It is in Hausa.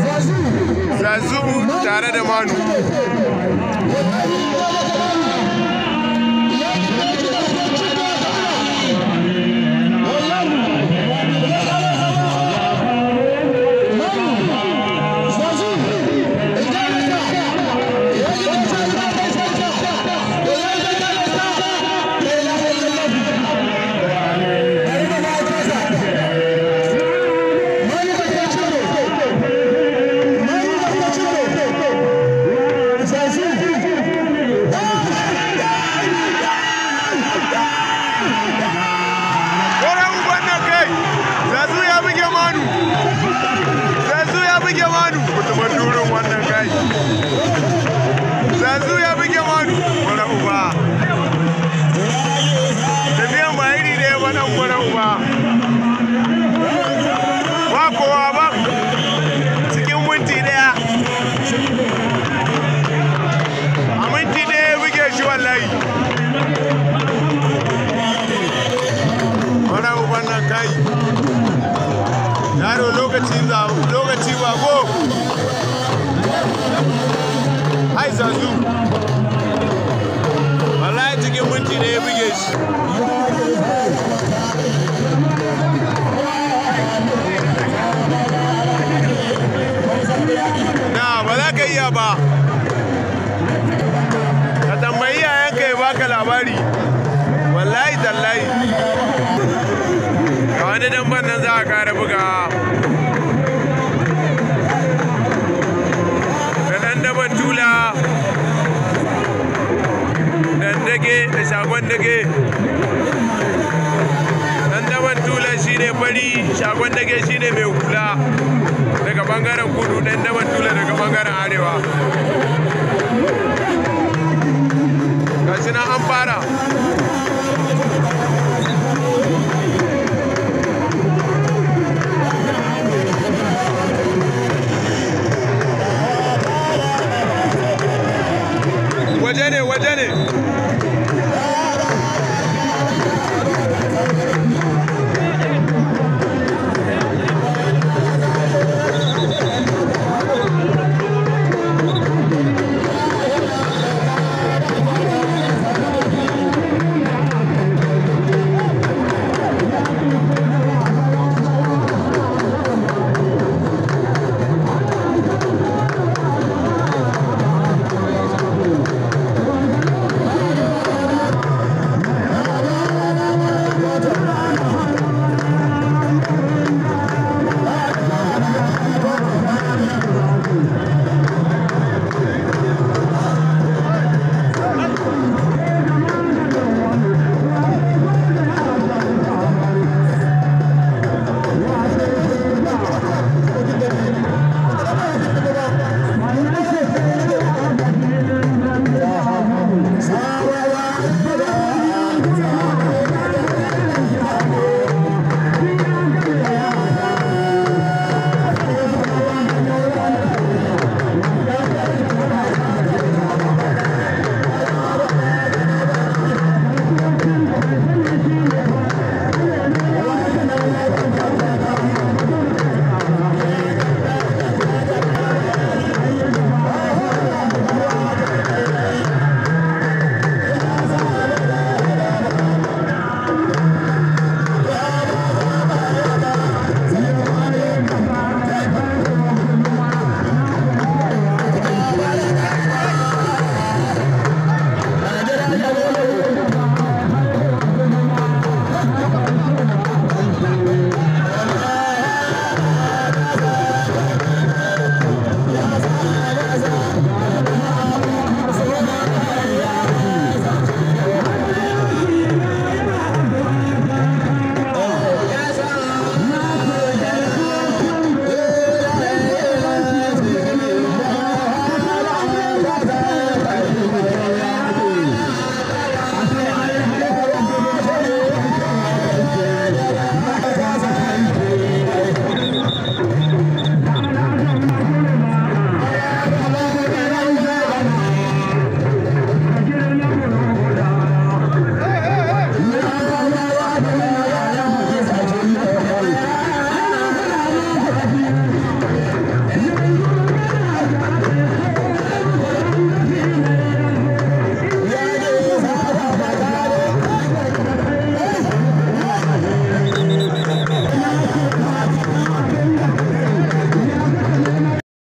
zazu tare da manu Kora ya nan kai, zazu ya buge manu, zazu ya buge manu, mutumin durin wannan kai. Zazu zazu cikin minti ne ya buge shi na ba za ka iya ba ka tambayi yayanka ya baka labari wallahi tallahi ga wani damban nan za a kara buga shagon dage dan daban tula shine fari shagon dage shine mai hula daga bangaren kudu dan daban tula daga bangaren arewa gashi an fara